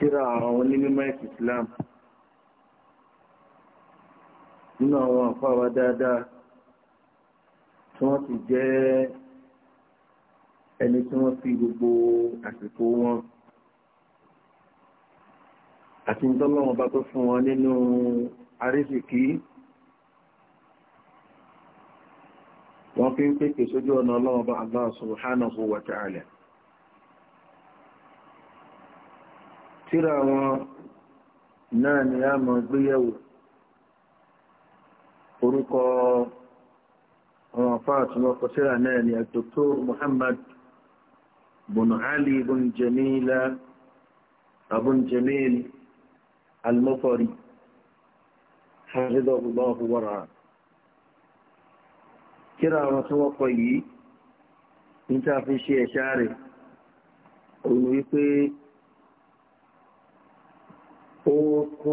tíra àwọn onímọ̀ ẹ̀sìn Islam nínú àwọn àfáwà dáadáa tí wọ́n ti jẹ́ ẹni tí wọ́n fi gbogbo àsìkò wọn àti ìdánlọ́wọ́n bá tó fún wọn nínú àríṣìkí wọ́n fi ń pèpè sójú ọ̀nà ọlọ́wọ́n bá Allah subhanahu wa ta'ala. tíra wọn náà ni a máa gbéyẹ̀wò orúkọ àwọn afáà tí wọ́n kọ síra náà ni Dr. Muhammad bùnú Ali bùnú Jamila abùnú Jamil al-Mufari hafidhahu Allah tí wọ́n kọ yìí níta fi ṣe ẹ̀ṣá rẹ̀ òun wípé oókó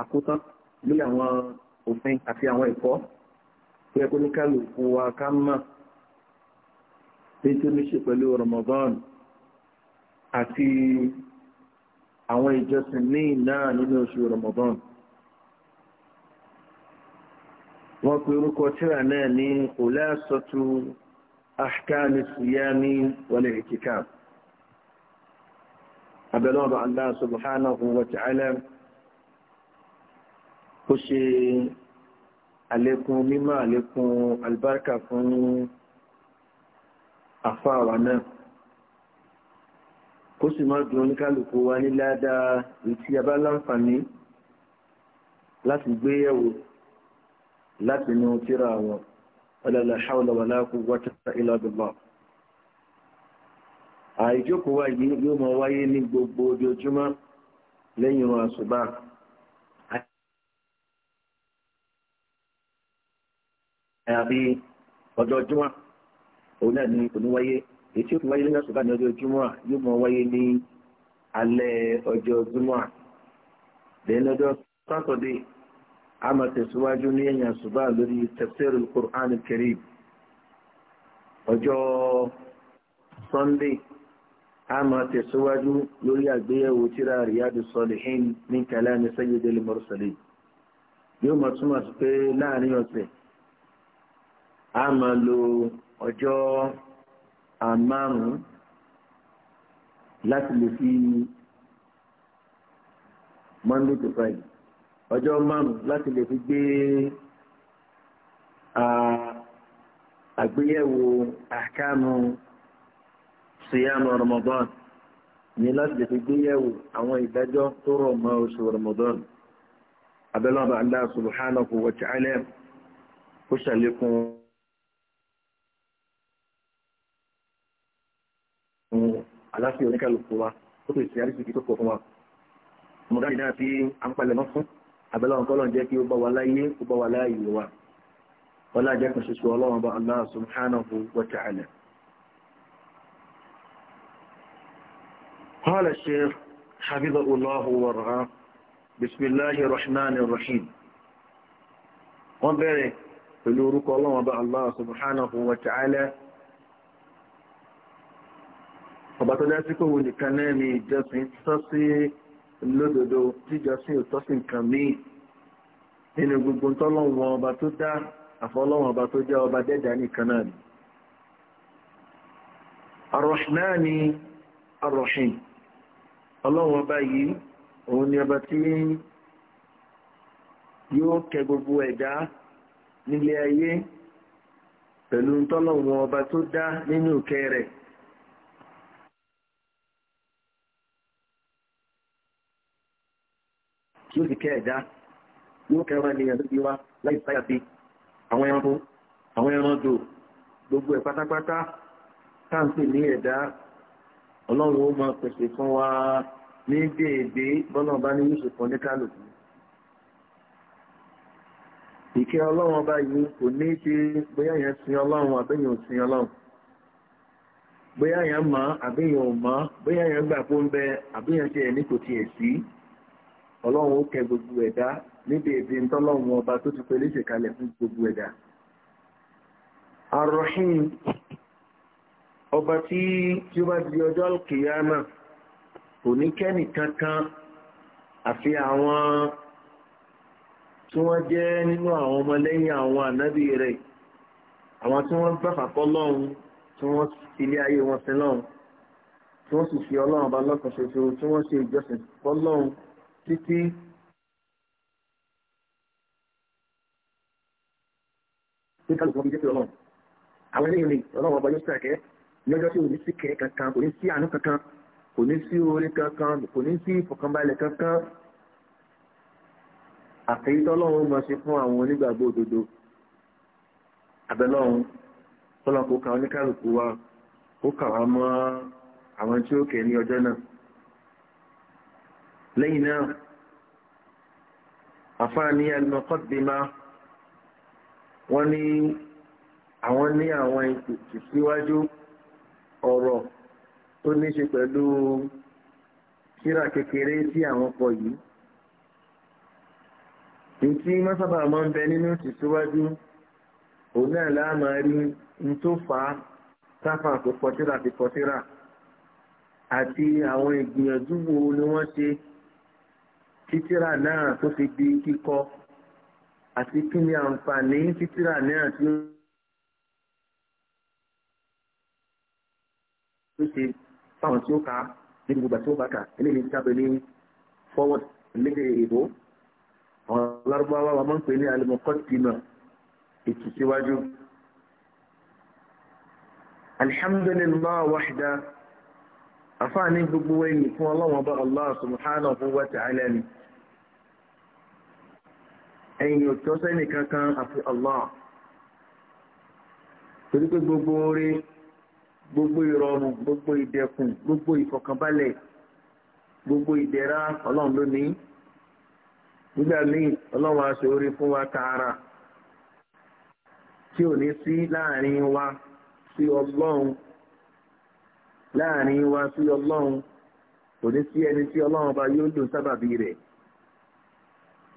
àkótán lórí àwọn òfin àti àwọn ẹ̀kọ́ tó yẹ kó ní kálukú wa ká mọ̀ tí tó ní ṣe pẹ̀lú Ramadan àti àwọn ìjọsìn ní náà nínú oṣù Ramadan wọ́n pe orúkọ tíra náà ní Khulāsatu Ahkām as-Siyām wal abẹ́lọ́rọ̀ Allah subhanahu wa ta'ala kó ṣe àlékún mímọ̀ àlékún albarka fún àfáàwà náà kó sì máa dùn oníkálùkù wa ní ládàá ìtí abáláǹfààní láti gbéyẹ̀wò láti inú tíra àwọn ọlọ́lá hawla wala quwwata illa àìjókòó wa yìí yóò máa wáyé ní gbogbo ojoojúmọ́ lẹ́yìn wọn àṣùbà. àyàfi ọjọ́ júmọ́ òun náà ni kò ní wáyé èyí tí ó fi wáyé lẹ́yìn àṣùbà ní ọjọ́ júmọ́ yóò máa wáyé ní alẹ́ ọjọ́ júmọ́ lẹ́yìn ọjọ́ sátọ̀dé a máa tẹ̀síwájú ní ẹ̀yìn àṣùbà lórí tafsirul Qur'an al-Karim ọjọ́ Sunday a máa tẹ̀síwájú lórí àgbéyẹ̀wò tíra Riyadu Salihin ní kalami Sayyidil Mursalin yóò máa túmọ̀ sí pé láàrin ọ̀sẹ̀ a máa lo ọjọ́ àmárùn-ún láti lè fi Monday to Friday ọjọ́ márùn-ún láti lè fi gbé àgbéyẹ̀wò ahkamu. síyáàmù ramadan ní láti fi gbéyẹ̀wò àwọn ìdájọ́ tó rọ̀ mọ́ oṣù ramadan abẹ́lọ́ba Allah subhanahu wa ta'ala ó ṣàlékún aláfíà oníkàlùkù wa ó pè sí àríṣìkí tó pọ̀ fún wa mo dájú náà tí a ń palẹ̀ mọ́ fún abẹ́lọ́wọ́n kọ́lọ̀ jẹ́ kí قال الشيخ حفظه الله ورعاه بسم الله الرحمن الرحيم wọ́n bẹ̀rẹ̀ pẹ̀lú orúkọ ọlọ́wọ́n bá Allah subhanahu wa ta'ala ọba tó dá sí kò wò nìkan náà ni ìjọsìn tọ́ sí lódodo jíjọsìn òtọ́ sí nǹkan míì nínú gbogbo tọ́lọ́wọ́n ọba tó dá àfọlọ́wọ́n ọba tó jẹ́ ọba dẹ́dà nìkan náà ni Ar-Rahman Ar-Rahim ọlọ́run ọba yìí òun ni ọba tí yóò kẹ gbogbo ẹ̀dá nílé ayé pẹ̀lú tọ́lọ̀wọ̀n ọba tó dá nínú ìkẹ rẹ̀ tí ó sì kẹ ẹ̀dá yóò kẹ ọmọ ènìyàn lóbi wá láì sáyà àwọn ẹranko àwọn ẹranko gbogbo ẹ̀ pátápátá táǹpì ní ẹ̀dá ọlọ́run ó máa pèsè fún wa ní déédé bọ́nà bá ní yíṣù kan ní kálukú ìkẹ́ ọlọ́run ọba yìí kò ní ṣe bóyá yẹn sin ọlọ́run àbẹ́yẹn ò sin ọlọ́run bóyá yẹn mọ̀ àbẹ́yẹn ò mọ̀ bóyá yẹn gbà fún bẹ àbẹ́yẹn ṣe ẹni kò tiẹ̀ sí ọlọ́run ó kẹ gbogbo ẹ̀dá ní déédé ntọ́lọ́run ọba tó ti pẹ́ léṣe kalẹ̀ fún gbogbo ẹ̀dá. ar ọba tí tí ó bá di ọjọ́ kìyàmá kò ní kẹ́nì kankan àfi àwọn tí wọ́n jẹ́ nínú àwọn ọmọlẹ́yìn àwọn ànábì rẹ̀ àwọn tí wọ́n gbà fàkọ́ lọ́hùn tí wọ́n fi ilé ayé wọn sin lọ́hùn tí wọ́n sì fi ọlọ́run bá lọ́kàn ṣoṣo tí wọ́n ṣe ìjọsìn fọ́ lọ́hùn títí àwọn eléyìí ni ọlọ́run ọba yóò sàkẹ́ lọ́jọ́ tí ò ní sí kẹ́ kò ní sí àánú kankan kò ní sí orí kankan kò ní sí ìfọ̀kànbalẹ̀ kankan àfẹ́yítọ́lọ́run máa ṣe fún àwọn onígbàgbọ́ òdodo abẹ́lọ́run tọ́lọ́n kó ka oníkàlùkù wa kó kà wá mọ́ àwọn tí ó kẹ̀ ní ọjọ́ náà lẹ́yìn náà àfáàní alimọ́kọ́dìmá wọ́n ní àwọn ní àwọn ìpèsè síwájú ọ̀rọ̀ tó ní ṣe pẹ̀lú síra kékeré tí àwọn kọ yìí ntí mọ́sábà máa ń bẹ nínú ìtìsíwájú òun náà láàmà rí n tó fà á sáfà tó kọtíra ti kọtíra àti àwọn ìgbìyànjú wo ni wọ́n ṣe títíra náà tó fi di kíkọ àti kí ni àǹfààní títíra náà tí ó ṣe fáwọn tí ó kà á níbi gbogbo tí ó bá kà eléyìí ń jábẹ ní forward lédè èbó àwọn lárúbáwá wa máa ń pè ní alimọkọ́tìmọ̀ ètò síwájú. alhamdulillah wahda àfáàní gbogbo ẹ̀yìn fún ọlọ́wọ́n bá allah subhanahu wa ta'ala ni ẹ̀yìn òtọ́sẹ́nì kankan àfi allah torí pé gbogbo orí gbogbo ìrọ̀rùn gbogbo ìdẹ̀kùn gbogbo ìfọ̀kànbalẹ̀ gbogbo ìdẹ̀ra ọlọ́run ló ní nígbà míì ọlọ́run á ṣe orí fún wa tààrà tí ò ní sí láàrin wa sí ọlọ́run láàrin wa sí ọlọ́run kò ní sí ẹni tí ọlọ́run bá yóò dùn sábàbí rẹ̀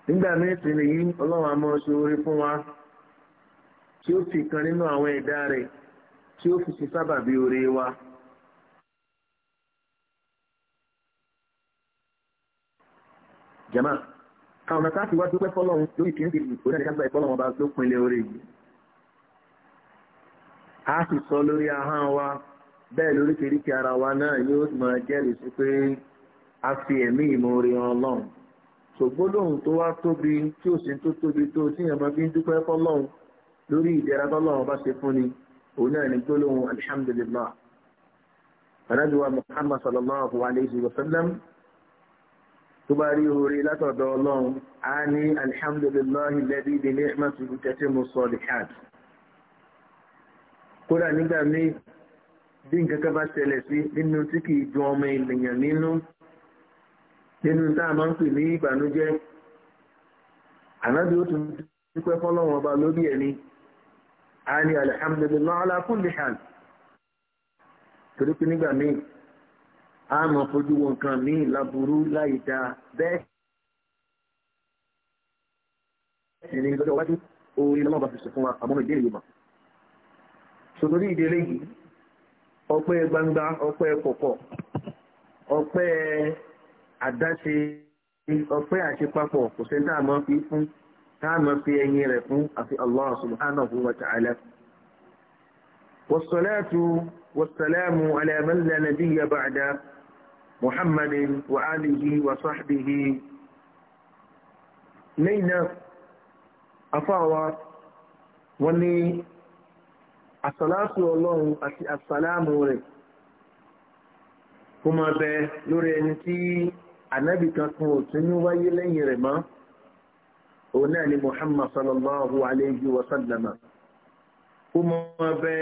nígbà míì sì nìyí ọlọ́run á mọ fún wa tí ó fi kan nínú àwọn ẹ̀dá rẹ̀. tí ó fi ṣe sábàbí oore wa. jama àwọn ọ̀nà káàkiri wá dúpẹ́ lórí ọba orí yìí a sì sọ lórí ahọ́n wa bẹ́ẹ̀ lórí ara wa náà yóò máa jẹ́rìí sí pé a fi ẹ̀mí ìmoore hàn lọ́hùn ṣògbólóhùn tó wá tóbi tí ò tó tóbi tó tí fi ń dúpẹ́ lórí ìdẹ̀ra tọ́lọ́run bá ṣe fún ni òun náà ní gbólóhùn alhamdulillah anábíwá muhammad sallallahu alayhi wa sallam tó bá rí orí látọ̀dọ̀ ọlọ́run a ní alhamdulillah alladhi bi ni'matihi tatimmu salihat kódà nígbà míì bí nǹkankan bá ṣẹlẹ̀ sí nínú tí kìí dùn ọmọ ènìyàn nínú nínú tá a máa ń pè ní ìbànújẹ́ ànábì ó tún dúpẹ́ fọ́lọ́run ọba lórí ẹ̀ a ní alhamdulillah ala kulli hal torí pé nígbà míì a máa fojú wọn kan míì láburú láì dáa bẹ́ẹ̀ sì ni lọ́jọ́ iwájú orí lọ́mọba fi sọ fún wa àmọ́ ìdílé yorùbá sòtòrí ìdílé yìí ọpẹ́ gbangba ọpẹ́ kọ̀kọ̀ ọpẹ́ àdáṣe ọpẹ́ àṣepapọ̀ kò sẹ́ńtà máa fi fún táàmà fi ẹyin rẹ̀ fún àfi Allah subhanahu wa ta'ala wasalaatu wasalaamu ala man la nabiyya ba'da muhammadin wa alihi wa sahbihi lẹ́yìn náà afáwa wọ́n ní àsàlátù ọlọ́run àti àsàlámù rẹ̀ kó máa bẹ lórí ẹni tí ànábì kan kan ò tún ní wáyé lẹ́yìn rẹ̀ mọ́ òun náà ni muhammad sallallahu alayhi wa sallam kó mọ ọbẹ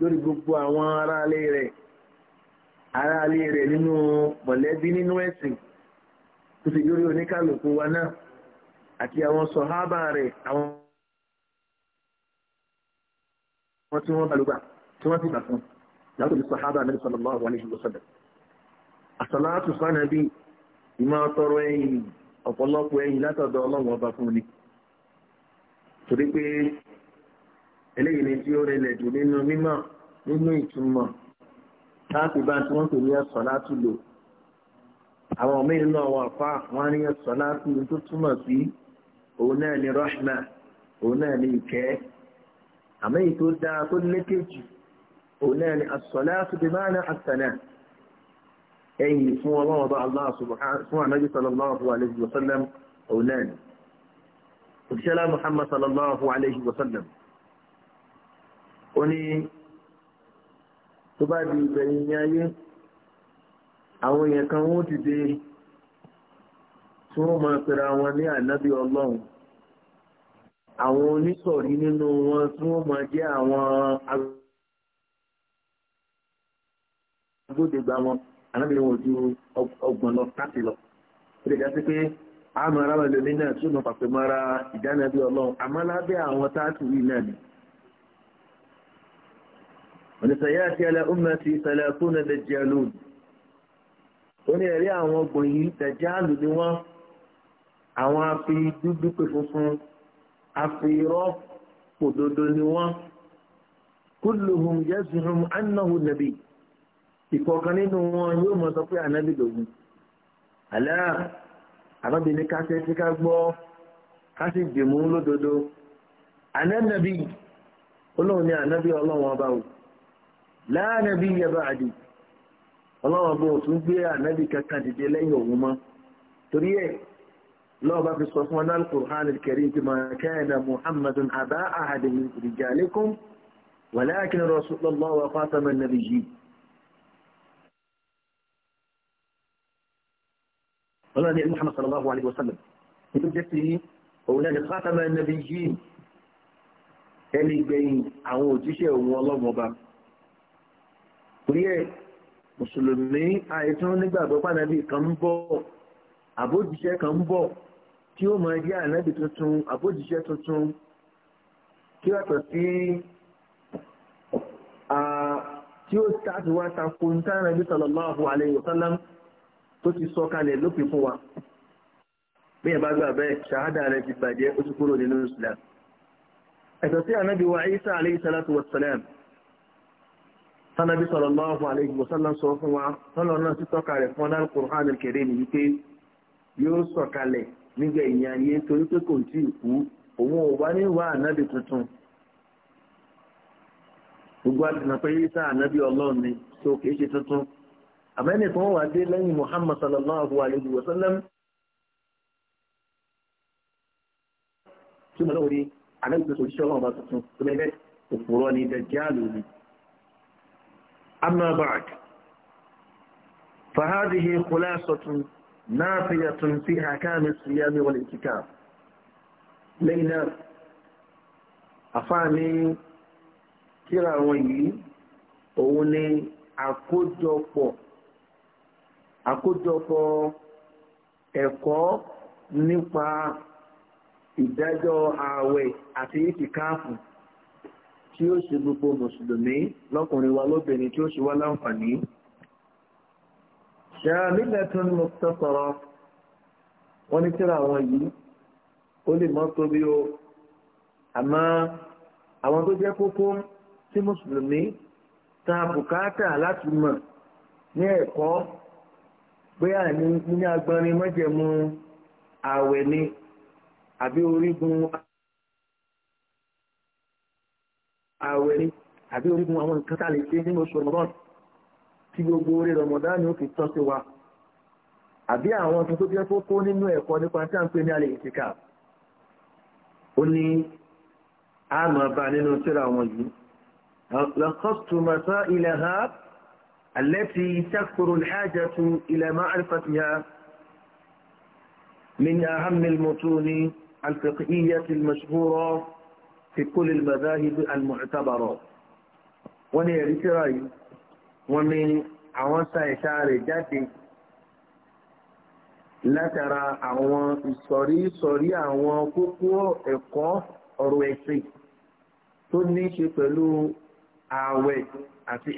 lórí gbogbo àwọn aráalé rẹ̀ aráalé rẹ̀ nínú mọ̀lẹ́bí nínú ẹ̀sìn tó sì lórí oníkàlùkù wa náà àti àwọn sọ̀hábà rẹ̀ àwọn wọn tí wọ́n balùgbà tí wọ́n ti bà fún láti lè sọ̀hábà náà sallallahu alayhi wa sallam àsàlátù fánàbí ìmọ̀ ọtọrọ ẹ̀yìn ọ̀pọ̀lọpọ̀ ẹ̀yìn látọ̀dọ̀ ọlọ́run ọba fún ni torí pé eléyìí ni tí ó rẹlẹ̀ jù nínú mímọ̀ nínú ìtumọ̀ láti bá tí wọ́n pè ní ẹ̀sọ́ láti lò àwọn míì nínú àwọn àfa wọn ní ẹ̀sọ́ láti lò tó túmọ̀ sí òun náà ni rahma òun náà ni ìkẹ́ àmọ́ èyí dáa tó lékejì òun náà ni asọ́lá tó ti máa ná ẹ̀yìn fún ọlọ́run ọba Allah fún ànábì sallallahu alayhi wa sallam òun náà ni òṣìṣẹ́lá Muhammad sallallahu alayhi wa sallam ó ní tó bá di ìgbẹ̀yìn ní ayé àwọn èèyàn kan wọ́n ti dé tí wọ́n máa wọn ní ànábì ọlọ́run àwọn onísọ̀rí nínú wọn tí wọ́n máa jẹ́ àwọn agbódegbà wọn anábìrin wọn ju ọgbọ̀n lọ káàtì lọ ó lè jásí pé àmọ́ ara wọn lómi náà tí ó mọ pàpẹ mọ́ra ìdáná bí ọlọ́run àmọ́ lábẹ́ àwọn táàtì yìí náà ni. ọ̀nìtàyà àti ala ummati salatuna dajjalun ó ní ẹ̀rí àwọn ọgbọ̀n yìí dajjalu ni wọ́n àwọn afi dúdú pé funfun afi rọ́ọ̀pù òdodo ni wọ́n kulluhum yazhum annahu nabi ìkọ̀ọ̀kan nínú wọn yóò mọ sọ pé ànábì lògùn àlá àbábí ní kásẹ̀ tí ká gbọ́ ká sì dìmú lódodo ànábì olóhùn ni ànábì ọlọ́run ọba wò láàánábì yẹba àdì ọlọ́run ọba òtún gbé ànábì kankan dìde lẹ́yìn òun mọ́ torí ẹ̀ lọ́wọ́ bá fi sọ fún ọ́nà al-Qur'an al-Karim ti máa kana Muhammadun àbá ahadin min rijalikum walakin rasulullah wa khataman ọlọ́run ní Muhammad sallallahu alayhi wa sallam nítorí jẹ́ sí òun náà ní fátàmà ẹnẹ́bí yìí ẹni gbẹ̀yìn àwọn òjíṣẹ́ òun ọlọ́run ọba torí ẹ̀ mùsùlùmí àìsàn nígbàgbọ́ pàdánù kan ń bọ̀ àbójíṣẹ́ kan ń bọ̀ tí ó máa jẹ́ ànábì tuntun àbójíṣẹ́ tuntun kí wàtọ̀ sí tí ó sáàtì wá takò ní sáàrẹ̀ bí sallallahu alayhi wa sallam tó ti sọ kalẹ̀ lópin fún wa bí ẹ̀bá gbà bẹ́ẹ̀ ṣàhádà rẹ̀ ti bàjẹ́ ó ti kúrò nínú islam ẹ̀tọ́ sí wa isa alayhi salatu wa salam sanabi sallallahu alayhi wa sallam sọ fún wa sọlọ náà tọ́ka rẹ̀ fún ọlọ́run qur'an ni wípé yóò sọ kalẹ̀ nígbà ìyàn ayé torí pé kò tí ì kú òun ò wá ní tuntun gbogbo àti nàpẹ́ ni tó kìí ṣe àmẹ́ni tó wà dé lẹ́yìn Muhammad sallallahu alayhi wa sallam tí mo lọ́wọ́ rí àlẹ́gbẹ̀ẹ́ tó ṣiṣẹ́ ọlọ́run bá tuntun tó lẹ́gbẹ́ òpùrọ́ ni dajjalu ni amma ba'd fahadihi khulasatun nafiyatun fi náà àkójọpọ̀ ẹ̀kọ́ nípa ìdájọ́ ààwẹ̀ àti ìtìkáàfù tí ó ṣe gbogbo mùsùlùmí lọ́kùnrin wa lóbìnrin tí ó ṣe wá láǹfààní ṣàmìlẹ̀tún mọ̀tọ́kọ̀rọ̀ wọ́n ní tíra àwọn yìí ó lè mọ́ tóbi o àmọ́ àwọn tó jẹ́ kókó tí mùsùlùmí ta bùkátà láti mọ̀ ní ẹ̀kọ́ bóyá ní ní agbọ́nrin mọ́jẹ̀mú ààwẹ̀ ni àbí orígun ààwẹ̀ ni àbí orígun àwọn nǹkan tá a lè ṣe nínú oṣù Ramadan tí gbogbo orí Ramadan ni ó fi tọ́ sí wa àbí àwọn tuntun tó jẹ́ kókó nínú ẹ̀kọ́ nípa tí a ń pè ní alẹ́ ìtìkà ó ní àmọ́ bá nínú tíra wọn yìí lọ́kọ́tùmọ̀sán ilẹ̀ ha التي تكثر الحاجة إلى معرفتها من أهم المتون الفقهية المشهورة في كل المذاهب المعتبرة ونيري تراي ومن عوانسا إشارة جاتي لا ترى عوان ìsọ̀rí àwọn عوان كوكو ọ̀rọ̀ ẹ̀sìn تنشي ní ṣe pẹ̀lú ààwẹ̀ àti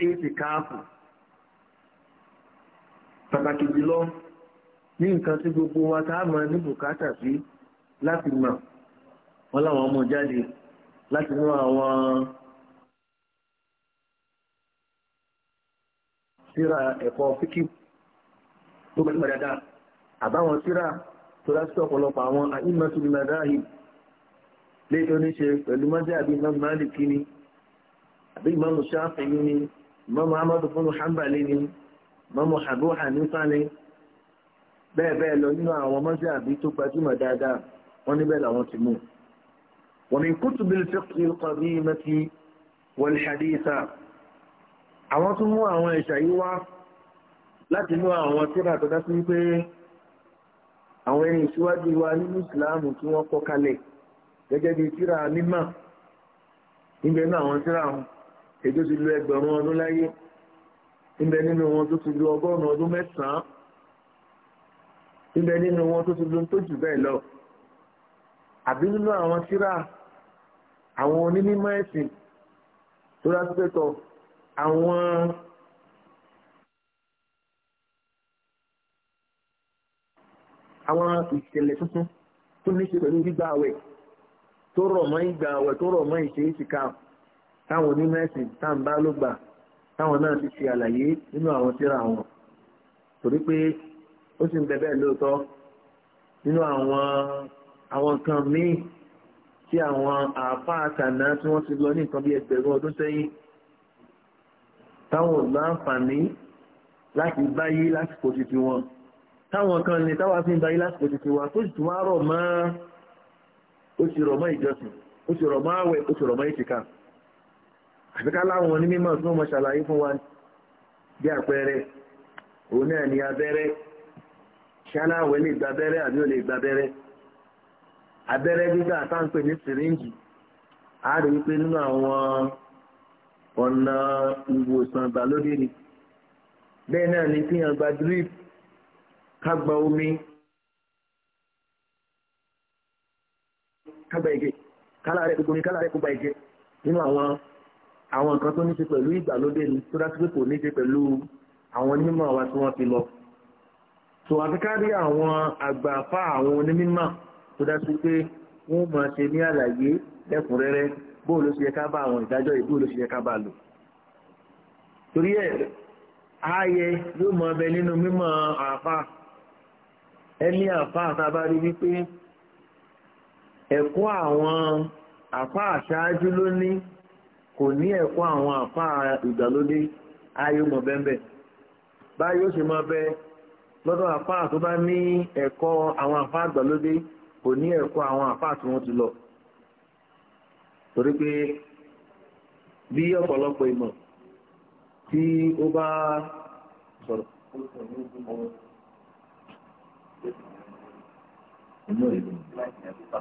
pàtàkì jùlọ ní nǹkan tí gbogbo wa tá a mọ ní bùkátà sí láti mọ̀ wọ́n láwọn ọmọ jáde láti mú àwọn síra ẹ̀kọ́ fíkì tó gbajúmọ̀ dáadáa àbáwọn síra tó dá sí ọ̀pọ̀lọpọ̀ àwọn àìmọ̀tòlùmọ̀dáhì léètò ní ṣe pẹ̀lú mọ́jẹ́ àbí imam Malik ni àbí imam Shafi'i ni imam Ahmad fún hanbali ni mọ́mọ́ àbú hanifa ni bẹ́ẹ̀ bẹ́ẹ̀ lọ nínú àwọn mọ́sí àbí tó gbajúmọ̀ dáadáa wọ́n níbẹ̀ làwọn ti mú. wọ́n ní kútù bí fẹ́kì kọ̀bí mẹ́tì wọ́n ṣàdíìsà àwọn tó mú àwọn ẹ̀ṣà yìí wá láti inú àwọn tíra tó dá sí pé àwọn ẹni ìṣíwájú wa nínú ìsìláàmù tí wọ́n kọ́ kalẹ̀ gẹ́gẹ́ bí tíra mímọ̀ níbẹ̀ náà àwọn tíra àwọn ti lu ẹgbẹ̀rún ọdún láyé ibẹ̀ nínú wọn tó ti lu ọgọ́rùn-ún ọdún mẹ́sàn-án ibẹ̀ nínú wọn tó ti lu tó jù bẹ́ẹ̀ lọ àbí nínú àwọn tírà àwọn onímọ̀ ẹ̀sìn tó dá sí pẹ́tọ̀ àwọn àwọn ìṣẹ̀lẹ̀ tuntun tó ní ṣe pẹ̀lú gbígbà àwẹ̀ tó rọ̀ mọ́ ìgbà àwẹ̀ tó rọ̀ mọ́ ìṣe ìṣìkà táwọn onímọ̀ ẹ̀sìn tá à ń bá ló gbà táwọn náà ti ṣe àlàyé nínú àwọn tírà wọn torí pé ó sì ń bẹ bẹ́ẹ̀ lóòótọ́ nínú àwọn àwọn nǹkan míì tí àwọn àáfàá àtàná tí wọ́n ti lọ ní nǹkan bí ẹgbẹ̀rún ọdún sẹ́yìn táwọn ò láǹfààní láti báyé lásìkò títí wọn táwọn kan ní táwa fi ń báyé lásìkò títí wa tó sì tún wá rọ̀ mọ́ ó sì rọ̀ ìjọsìn ó sì rọ̀ mọ́ àwẹ̀ ó sì ìtìká àbíká láwọn onímọ̀ tí wọ́n mọ̀ ṣàlàyé fún wa bí àpẹẹrẹ òun náà ni abẹ́rẹ́ ṣáláwẹ̀ lè gba abẹ́rẹ́ àbí ò lè gba abẹ́rẹ́ abẹ́rẹ́ gbígbà táǹpé ní sìríǹjì a rí wípé nínú àwọn ọ̀nà ìwòsàn ìgbàlódé ni bẹ́ẹ̀ náà ni kí yàn gba drip ká gba omi ká gba ẹ̀jẹ̀ kálá rẹ̀ gbogbo mi kálá rẹ̀ gbogbo ẹ̀jẹ̀ nínú àwọn àwọn nǹkan tó ní ṣe pẹ̀lú ìgbàlódé ni tó dájú pé kò ní ṣe pẹ̀lú àwọn onímọ̀ wa tí wọ́n ti lọ. tó àfi kárí àwọn àgbààfà àwọn onímọ̀ tó dájú pé wọ́n máa ṣe ní àlàyé lẹ́kùnrẹ́rẹ́ bó ló ṣe yẹ ká bá àwọn ìdájọ́ yìí bó ló ṣe yẹ ká bá lò. torí ẹ̀ ààyè yóò mọ ọbẹ̀ nínú mímọ̀ àáfà ẹni àáfà àtàbárí wípé ẹ̀kọ́ àwọn àáfà àṣáájú ló ní kò ní ẹ̀kọ́ àwọn àfa ìgbàlódé ayé mọ̀ bẹ́ẹ̀ báyìí ó ṣe máa bẹ lọ́dọ̀ àpá tó bá ní ẹ̀kọ́ àwọn àpá ìgbàlódé kò ní ẹ̀kọ́ àwọn àpá tí wọ́n ti lọ torí pé bí ọ̀pọ̀lọpọ̀ ìmọ̀ tí ó bá sọ̀rọ̀ inú ìlú láti ẹ̀kọ́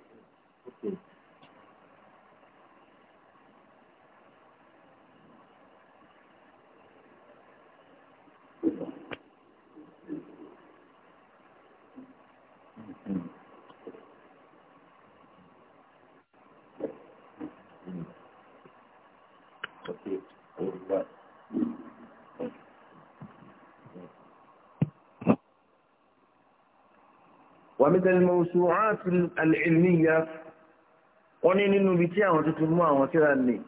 التوفيق والهداية ومثل الموسوعات العلمية ونين النبتية وتتلمها وكذا لي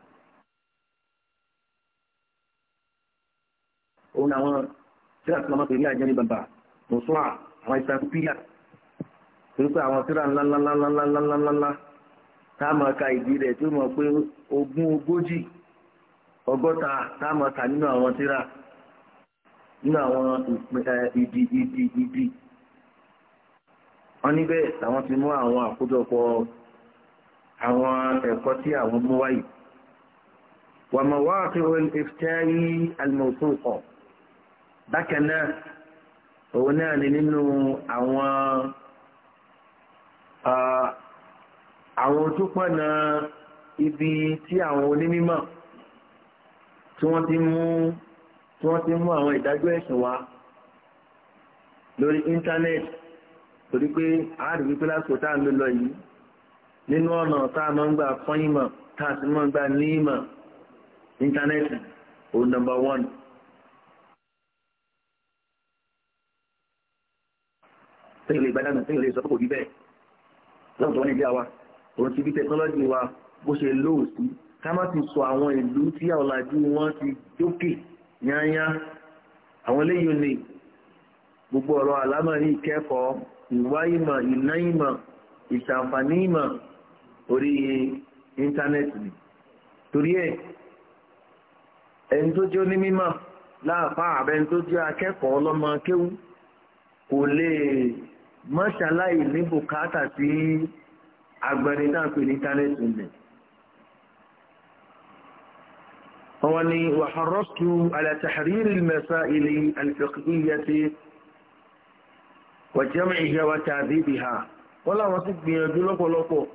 هنا هنا ثلاث لما تريد جانبا بعد موسوعة ويساكوبيا torípé àwọn tíra ńláńláńláńláńláńláńlá tá a máa ka ìdí rẹ̀ tó mọ̀ pé ogún ogójì ọgọ́ta táàmù ọ̀tà nínú àwọn tíra nínú àwọn ìdí ìdí ìdí wọ́n níbẹ̀ làwọn ti mú àwọn àkójọpọ̀ àwọn ẹ̀kọ́ tí àwọn mú wáyé wàmọ̀wáàkì ìfẹ́rí alìmọ̀sọ́kọ̀ bákan náà òun náà ni nínú àwọn àwọn ojúpọ̀nà ibi tí àwọn onímọ̀ tí wọ́n ti mú tí wọ́n ti mú àwọn ìdájọ́ ẹ̀sìn wa lórí íńtánẹ́ẹ̀tì torí pé a rí wípé lásìkò tá à ń lò lọ yìí nínú ọ̀nà tá a máa ń gbà fọ́n ìmọ̀ tá a sì máa ń gbà ní ìmọ̀ íńtánẹ́ẹ̀tì ò nọ́mbà wọ́n. tí ilé ìgbàdànù tí ilé ìsọ́kò bíbẹ̀ lọ́sọ̀ọ́ nílé wa òun ti bí tẹkinọ́lọ́jì wa bó ṣe lóòsí Kama má ti sọ àwọn ìlú tí ọ̀làjú wọn ti dókè yányá àwọn eléyìí ni gbogbo ọ̀rọ̀ àlámọ̀rí ìkẹ́kọ̀ọ́ ìwá ìmọ̀ ìná ìmọ̀ ìṣàǹfààní ìmọ̀ orí íńtánẹ́ẹ̀tì ni torí ẹ̀ ẹni tó jẹ́ onímọ̀ láàfáà abẹ́ni tó jẹ́ akẹ́kọ̀ọ́ ọlọ́mọ kéwú kò lè mọ́ṣáláì ní bùkátà sí agbẹni ní íńtánẹ́ẹ̀tì nìyẹn. واني وحرصت على تحرير المسائل الفقهية وجمعها وتعذيبها ولا وصف بيجلوك ولوكو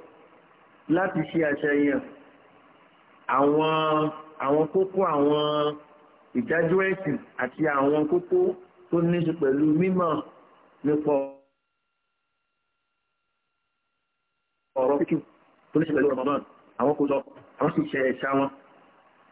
لا تشيع شيئا àwọn àwọn kókó àwọn ìdájọ́ ẹ̀sìn àti àwọn kókó tó ní ṣe pẹ̀lú mímọ̀ nípa ọ̀rọ̀ fíkì tó ní ṣe pẹ̀lú Ramadan àwọn kò sọ àwọn sì ṣe ẹ̀ṣá wọn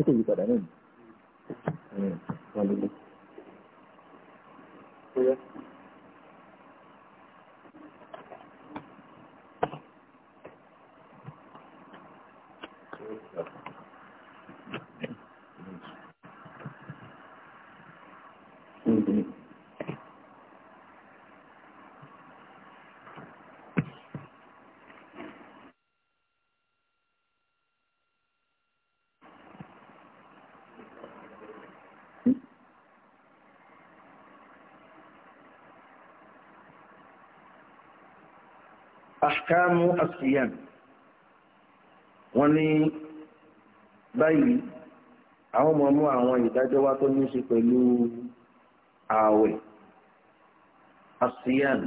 Itu juga dah ni. Hmm. Walaupun. Oh, ya. ahkamu asiyam wọ́n ní báyìí àwọn ọmọ mú àwọn ìdájọ́ wá tó ní ṣe pẹ̀lú ààwẹ̀ asiyam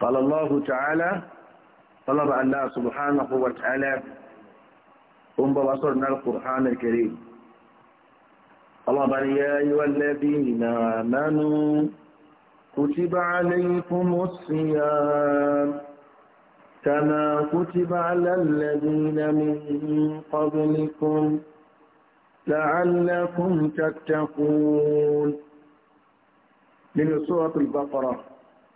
qalallahu ta'ala talaba allah subhanahu wa ta'ala ó ń bọ́ wá náà al-Qur'an al ni yá yíwá lẹ́bí ìnà mẹ́nu كتب عليكم الصيام كما كتب على الذين من قبلكم لعلكم تتقون من سورة البقرة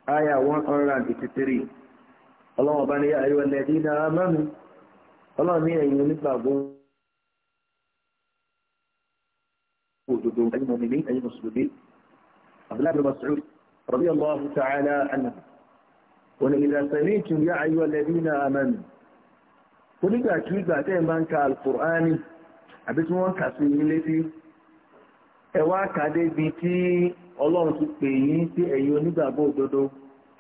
آية 183 اللهم بني يا أيها الذين آمنوا اللهم يا أيها الذين òdòdó ẹ̀yin mọ̀mìnì ẹ̀yin mùsùlùmí abdullahi bin masoud رضي الله تعالى عنه وإذا سمعتم يا أيها الذين آمنوا ولذا كيبا تيمان كالقرآن àbítí wọ́n kà sí ilé tí ẹ wá kàdé bíi tí ọlọ́run ti pè yín sí ẹ̀yin onígbàgbọ́ òdodo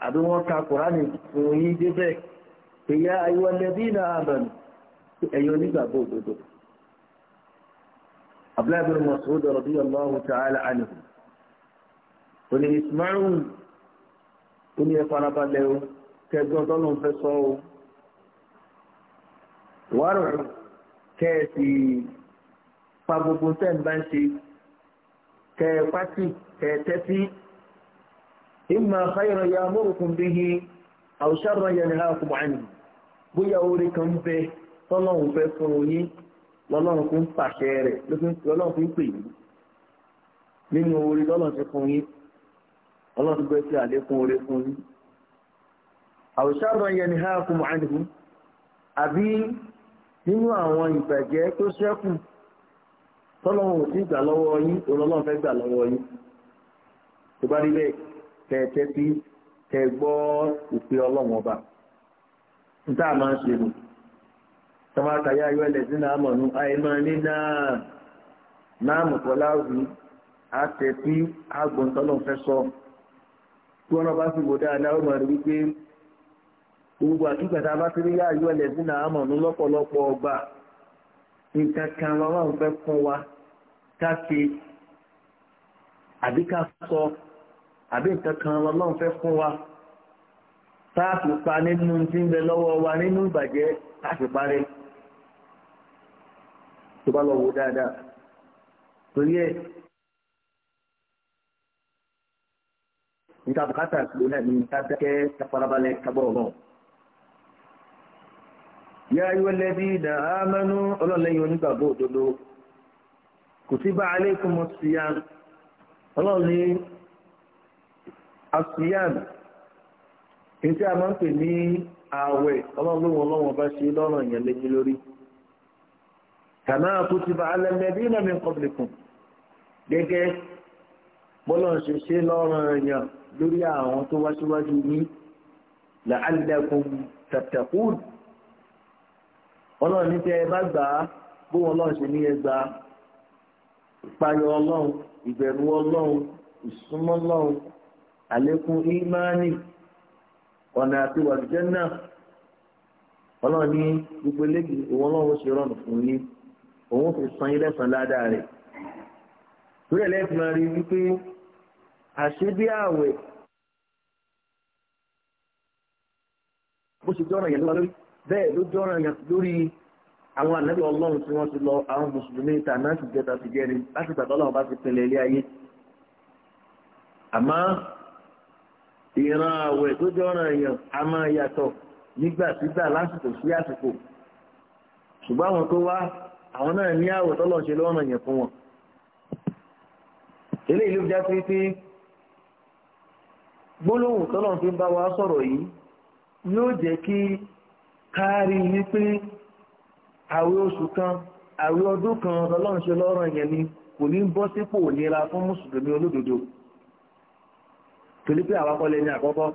àbí wọ́n ka kùránì fún yín débẹ̀ pé yá ayúwa lẹ́bí náà àbẹ̀nù sí ẹ̀yin abúlé ta'ala kò ní ismail ó ní ẹ farabalẹ̀ o kẹgbọ́n tọ́lọ́ ń fẹ́ sọ o wàrọ̀ kẹ́ẹ̀sì pa gbogbo tẹ́ǹ bá ń ṣe kẹ́ẹ̀ pátì kẹ́ẹ̀ tẹ́tí ìmọ̀ àfáyọ̀rọ̀ ya mọ́rùkún bí i àwùsàrọ̀ yẹn ni láàkùn àná bóyá orí kan bẹ tọ́lọ́ fẹ́ fún yín lọ́lọ́run fún pàṣẹ rẹ̀ lọ́lọ́run fún pè yín nínú orí lọ́lọ́run fún yín ọlọ́run gbé sí àlékún orí fún yín àwòṣàbọ̀ yẹn ni ha kún mọ́àdìmú àbí nínú àwọn ìbàjẹ́ tó ṣẹ́kù tọ́lọ́run ò sí gbà lọ́wọ́ yín ọlọ́run fẹ́ gbà lọ́wọ́ yín tó bá rí bẹ́ẹ̀ ọlọ́run ọba níta máa ń ṣe nù nù náà sọ. tí ọba bá sì wò dáadáa ó máa rí wípé gbogbo àtúntà a bá ti rí yá àyọ ẹlẹ sí náà mọ̀ ní lọ́pọ̀lọpọ̀ ọgbà nǹkan kan wọn máa ń fẹ́ fún wa ká àbí ká sọ àbí níta bùkátà ìṣòro náà ní ká dákẹ́ ká farabalẹ̀ ká bọ̀rọ̀ náà. yá ayé lẹ́bí ìdá amánú ọlọ́lẹ́yìn onígbàgbọ́ òdodo kutiba alaykum as-siyam ọlọ́run ní as-siyam èyí tí a máa ń pè ní ààwẹ̀ ọlọ́run ọlọ́run bá ṣe yẹn lẹ́yìn lórí kama kutiba ala alladhina min qablikum gẹ́gẹ́ bọ́lọ̀ ń ṣe ṣe lọ́rùn èèyàn lórí àwọn tó wá síwájú ní làálẹ́kùn tàtàkùn ọlọ́run ní tẹ́ ẹ bá gbà á bó wọn lọ́run ṣe ní ẹ gbà á ìpayọ̀ ọlọ́run ìbẹ̀rù ọlọ́run ìsúnmọ́ ọlọ́run àlékún ìmánì ọ̀nà àti wàjújẹ́ náà ọlọ́run ní gbogbo eléyìí òun ọlọ́run ṣe rọrùn fún yín òun fi san yín lẹ́sàn ládàá rẹ̀ torí ẹ̀ rí wípé àṣebí àwẹ̀ bó ṣe jọ́ràn yẹn lórí bẹ́ẹ̀ ló jọ́ràn yẹn lórí àwọn ànábì ọlọ́run tí wọ́n ti lọ àwọn mùsùlùmí ta náà ti jẹta ti jẹrin láti gbàgbọ́ ọlọ́run bá ti pinlẹ̀ ilé ayé àmọ́ ìran àwẹ̀ tó jọ́ràn yẹn a máa yàtọ̀ nígbàtígbà lásìkò sí àsìkò ṣùgbọ́n àwọn tó wá àwọn náà ní àwẹ̀ tọ́lọ́ ṣe lọ́rùn yẹn fún wọn eléyìí ló já pé pé gbólóhùn tọ́lọ́n fi ń bá wa sọ̀rọ̀ yìí yóò jẹ́ kí kárí wípé àwẹ̀ oṣù kan àwẹ̀ ọdún kan tọ́lọ́n ṣe lọ́rọ̀ yẹn ni kò ní bọ́ sípò nira fún mùsùlùmí olódodo torí pé àwọn akọ́lẹ̀ ní àkọ́kọ́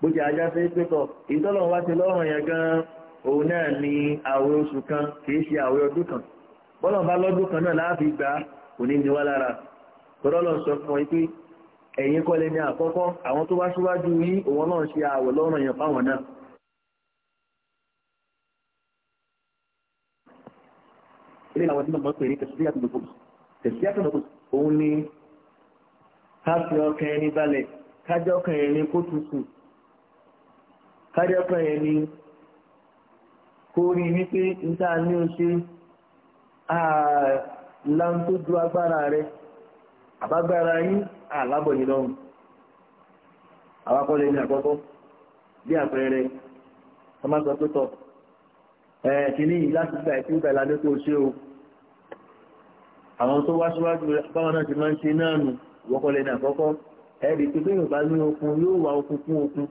bó ti ajá sí pétọ̀ ìtọ́lọ́n wá ti lọ́rọ̀ yẹn gan-an òun náà ni àwẹ̀ oṣù kan kìí ṣe àwẹ̀ ọdún kan bọ́lọ̀ bá lọ́dún kan náà láàfin gbà kò ní wá lára tọ́lọ́n sọ fún ọ ẹ̀yin kọ́lẹ̀ ní àkọ́kọ́ àwọn tó wá síwájú yí òun náà ṣe àwọ̀ lọ́rùn èèyàn fáwọn náà ilé àwọn tí mọ̀ ní tẹ̀síyàtọ̀ òun ni ká fi ọkàn ẹni balẹ̀ kájọ́ ọkàn ẹni kó tutù kájọ́ ọkàn ẹni kó rí wípé ń tá a ní o ṣe àà agbára rẹ àbágbára yín àlábọ̀ ah, yìí lọ́rùn àwọn akọ́lẹ̀ ní àkọ́kọ́ bí àpẹẹrẹ wọ́n máa sọ pé tọ̀ ẹ̀ kìíní yìí láti gba ìpín ìgbà ìlànà tó ṣe o àwọn tó wá síwájú báwọn náà ti máa ń ṣe náà nù wọ́kọ́lẹ̀ ní àkọ́kọ́ ẹ̀rì pé bẹ́ẹ̀ bá ní okun yóò wá okun fún okun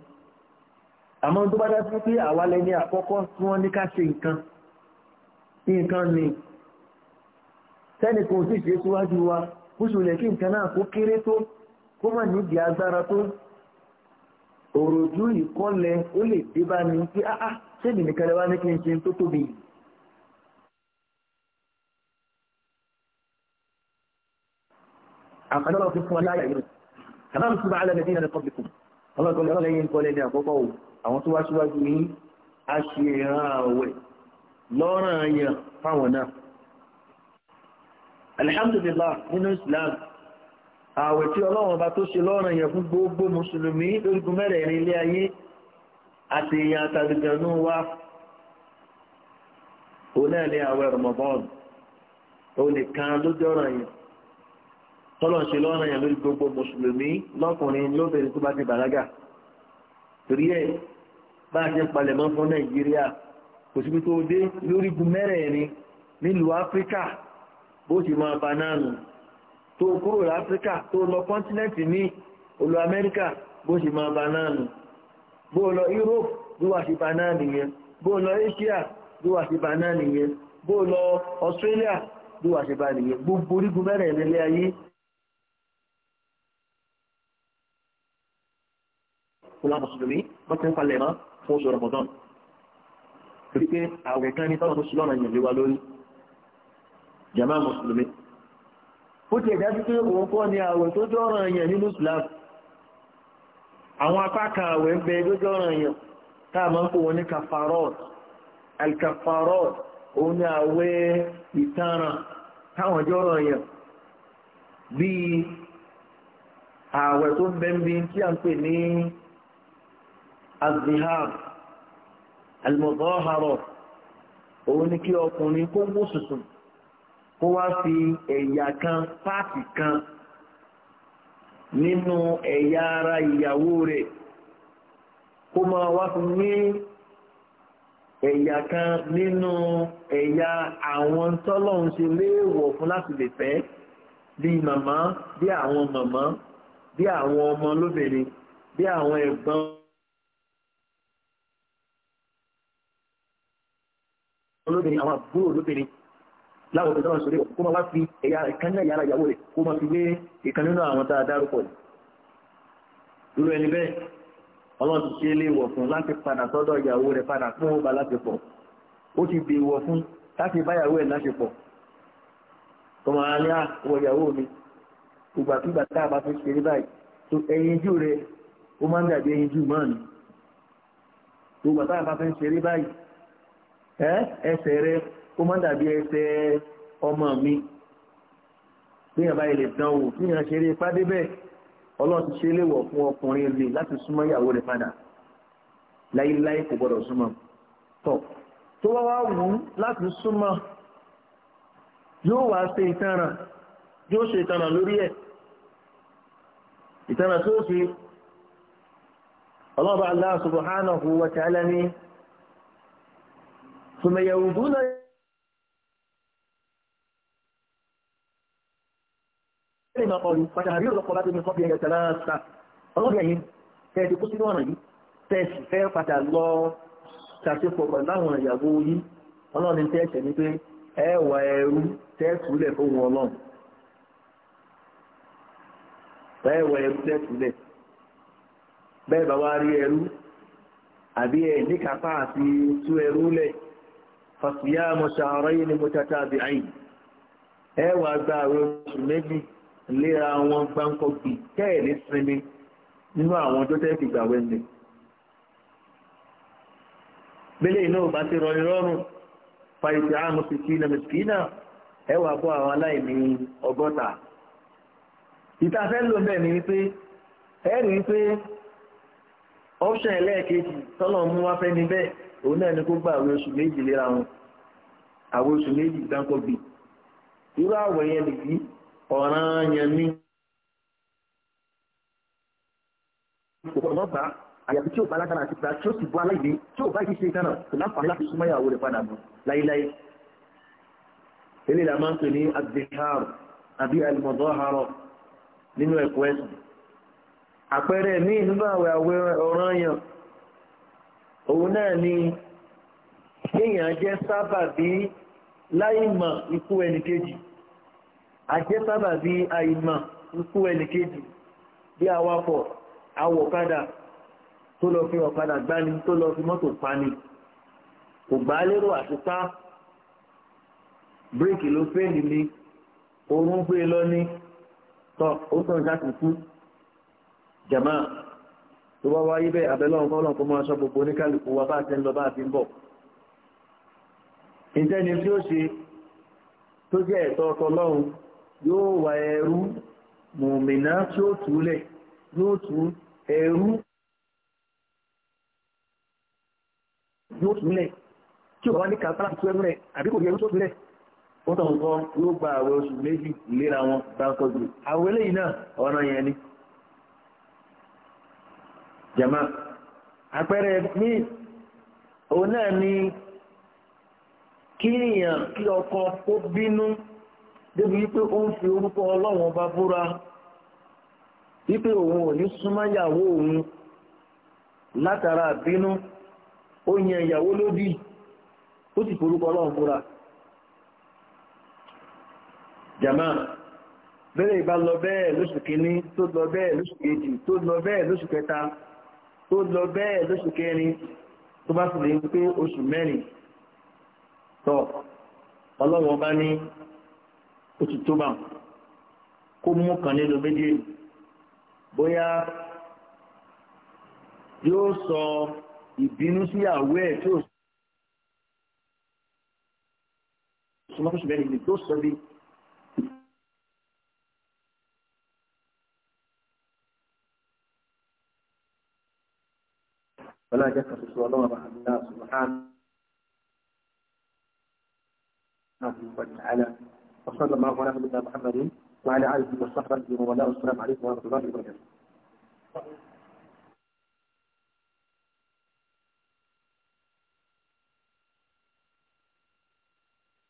àmọ́ tó bá dá sí pé àwa lẹ́ni àkọ́kọ́ tí wọ́n ní ká ṣe nǹkan nǹkan ni tẹ́nìkan ò sì ṣe síwájú wa bóṣù lè kí nǹkan náà kó kéré tó kó má nídìí agbára tó òròjú ìkọlẹ̀ ó lè dé bá ní kí áá ṣéèdì nìkan lè wá ní kí n ṣe tó tóbi yìí. àǹfààní ọlọ́run fi fún ọlá ìyá yìí kàmá mi túbọ̀ alẹ́ nàìjíríà republican ọlọ́run kọ́lẹ́ ọlọ́run yẹn kọ́lẹ́ ní àkọ́kọ́ o àwọn tó wá síwájú yìí á ṣe ìran àwẹ̀ lọ́ràn yẹn fáwọn náà alhamdulillah nínú islam ààwẹ̀ tí ọlọ́run ọba tó ṣe lọ́rùn yẹn fún gbogbo mùsùlùmí lórígun mẹ́rẹ̀ẹ̀rin ilé ayé àti èèyàn àtàlùjọ̀nù wa òun náà ní ààwẹ̀ Ramadan òun nìkan ló jọ̀ràn yẹn tọ́lọ̀ ṣe lọ́rùn yẹn lórí gbogbo mùsùlùmí lọ́kùnrin lóbìnrin tó bá ti bàlágà torí ẹ̀ bá a ṣe ń palẹ̀mọ́ fún nàìjíríà kò síbi tó dé lórígun mẹ́rẹ̀ẹ̀rin nílùú áfíríkà bó ti máa ba náà nù tó kúrò láfíríkà tó lọ kọ́ńtínẹ́ǹtì ní olú amẹ́ríkà bó ti máa ba bó lọ europe bí wàá ti ba náà nìyẹn bó lọ asia bí wàá ti ba náà bó lọ australia bí wàá ti ba nìyẹn gbogbo orígun mẹ́rẹ̀ nílé ayé kúlá mùsùlùmí wọ́n ti ń palẹ̀ mọ́ fún oṣù rọ̀mọ̀dán torí pé àwẹ̀ kan ní tọ́lọ̀ tó ṣe lọ́nà ìyẹ̀lẹ́wà lórí jama mùsùlùmí ó ti ẹ̀dá pípé òun kọ́ ni àwẹ̀ tó jọ́ràn èèyàn nínú islam àwọn apá kan àwẹ̀ ń bẹ tó jọ́ràn èèyàn tá a máa ń kó wọn ní kafarot alkafarot òun ni àwẹ̀ ìtanràn táwọn jọ́ràn èèyàn bíi àwẹ̀ tó ń bẹ ń bí tí a ń pè ní azihar almuzaharo òun ni kí ọkùnrin kó mú sùsùn kó wá fi ẹ̀yà kan páàtì kan nínú ẹ̀yà ara ìyàwó rẹ̀ kó máa wá fi ní ẹ̀yà kan nínú ẹ̀yà àwọn tọ́lọ̀ ń ṣe léèwọ̀ fún láti lè fẹ́ bí màmá bí àwọn màmá bí àwọn ọmọ lóbìnrin bí àwọn ẹ̀gbọ́n. olóbìnrin àwọn àbúrò lóbìnrin láwọn òbí náà sọ̀rọ̀ kó máa wá fi ẹ̀yà ìkan náà yàrá ìyàwó rẹ̀ kó máa fi lé ìkan nínú àwọn tá a dárúkọ yìí. irú ẹni bẹ́ẹ̀ ọlọ́run ti ṣe é léèwọ̀ fún láti padà sọ́dọ̀ ìyàwó rẹ̀ padà fún ó ba láṣepọ̀ ó báyàwó ẹ̀ láṣepọ̀ tó máa ní àwọn ìyàwó mi ìgbàkúgbà tá bá fi ṣeré báyìí tó ẹyinjú rẹ̀ ó máa ń dàbí ẹyinjú mọ́ ni ìgbà tá a bá fi ṣeré báyìí ẹ ẹsẹ̀ rẹ̀ kó má dàbí ẹsẹ̀ ọmọ mi gbìyànjú báyìí lè dán wò gbìyànjú ṣeré pàdé bẹ́ẹ̀ ọlọ́run ti ṣe léwọ̀ fún ọkùnrin lè láti súnmọ́ ìyàwó rẹ̀ padà láíláí kò gbọ́dọ̀ súnmọ́ tọ̀ tó wá wá wù ú láti súnmọ́ yóò wá ṣe ìtanràn yóò ṣe ìtanràn lórí ẹ̀ ìtanràn tó ṣe ọlọ́ba Allah subhanahu wa ta'ala ní sùmẹ̀yẹ̀wò dúró náà. إلي ما قالوا فتهرير رقبات من قبلها ثلاثة الله يعين تأتي قصد وانا تأتي فيفت الله تأتي فقدناه يقول الله من تأتي نبي ẹwà ẹrú tẹ́tùlẹ̀ fóun ọlọ́run ẹwà ẹrú tẹ́tùlẹ̀ bẹ́ẹ̀ bá wá rí ẹrú àbí ẹ̀ níkàpá àti tú ẹrú lẹ̀ fàṣíyá mọ̀ṣàárọ̀ yìí ni mo tata àbí àyìn ẹwà gba àwọn oṣù méjì lera wọn gbáǹkọ́ bì tẹ́ẹ̀lì sinmi nínú àwọn ọjọ́ tẹ́ẹ̀ fi gbà wẹ́ndẹ̀. bẹ́lẹ̀ iná ò bá ti rọrin rọrùn fa ìtì àmú sìkínà mìsìkínà ẹ wà fún àwọn aláìní ọgọ́ta. ìtafẹ́ ló bẹ́ẹ̀ ni wípé ẹ rí i pé ọ́pṣàn ẹlẹ́ẹ̀kejì tọ́lọ̀ mú wá fẹ́ ni òun náà ni ọ̀ràn yẹn ní ọ̀pọ̀lọpàá àyàfi tí ó bá alágbára àti gbà tí ó sì bọ́ aláìlé tí ó bá yìí ṣe kánà kò láǹfààní láti súnmọ́ ìyàwó rẹ̀ padà mọ́ láíláí. eléyìí la máa ń pè ní agbèhàr àbí alimọ̀dọ́hàrọ̀ nínú ẹ̀kọ́ ẹ̀sìn. àpẹẹrẹ ní nínú àwẹ̀ àwẹ̀ ọ̀ràn òun náà ni kéèyàn jẹ́ sábàbí láì mọ̀ ikú ẹnìkejì àjẹ́ sábà bí àìmọ̀ ikú ẹnìkejì bí awakọ̀ awọ̀kadà tó lọ fi ọ̀kadà gbani tó lọ fi mọ́tò pani kò gbá lérò àtúntà bíríkì ló fẹ́ẹ̀lì ni oorun gbé e lọ ní tọ́ ó tàn jáde kú jàmá tó bá wáyé bẹ́ẹ̀ abẹ́lọ́run kọ́ lọ́nkọ́ máa sọ gbogbo oníkálukú wa bá ti ń lọ bá ti ń bọ̀ ìjẹ́ni tí ó ṣe tó jẹ́ ẹ̀tọ́ ọ̀tọ̀ lọ́run yóò wà ẹrú mọ̀mìnà tí ó túlẹ̀ yóò tún ẹrú yóò túlẹ̀ tí ó wá ní kàtàlà tó ẹrú rẹ̀ àbí kò ní ẹrú tó túlẹ̀ ó tàn kọ́ yóò gba àwẹ̀ oṣù méjì léra wọn báńkọ́ gbé àwẹ̀ lẹ́yìn náà ọ̀nà yẹn ni jama àpẹẹrẹ mi òun náà ni kí èèyàn kí ọkọ ó bínú débi wípé ó ń fi orúkọ ọlọ́run ọba búra wípé òun ò ní súnmọ́ ìyàwó òun látara àbínú ó yan ìyàwó lódì ó sì forúkọ ọlọ́run búra. jama bẹ́rẹ̀ ìbá lọ bẹ́ẹ̀ lóṣù kìíní tó lọ bẹ́ẹ̀ lóṣù kejì tó lọ bẹ́ẹ̀ lóṣù kẹta tó lọ bẹ́ẹ̀ lóṣù kẹrin tó bá sì lè ń pé oṣù mẹ́rin tọ̀ ọlọ́run ọba ní ó ti tó bá wọn kó mú kan nínú méjèèjì bóyá yóò sọ ìbínú síyàwó ẹ̀ tí ó súnmọ́ oṣù mẹ́rin ni tó sọ bí ولا جفت سوى الله سبحانه وتعالى وصلى الله على نبينا محمد وعلى آله وصحبه وسلم والاه والسلام عليكم ورحمة الله وبركاته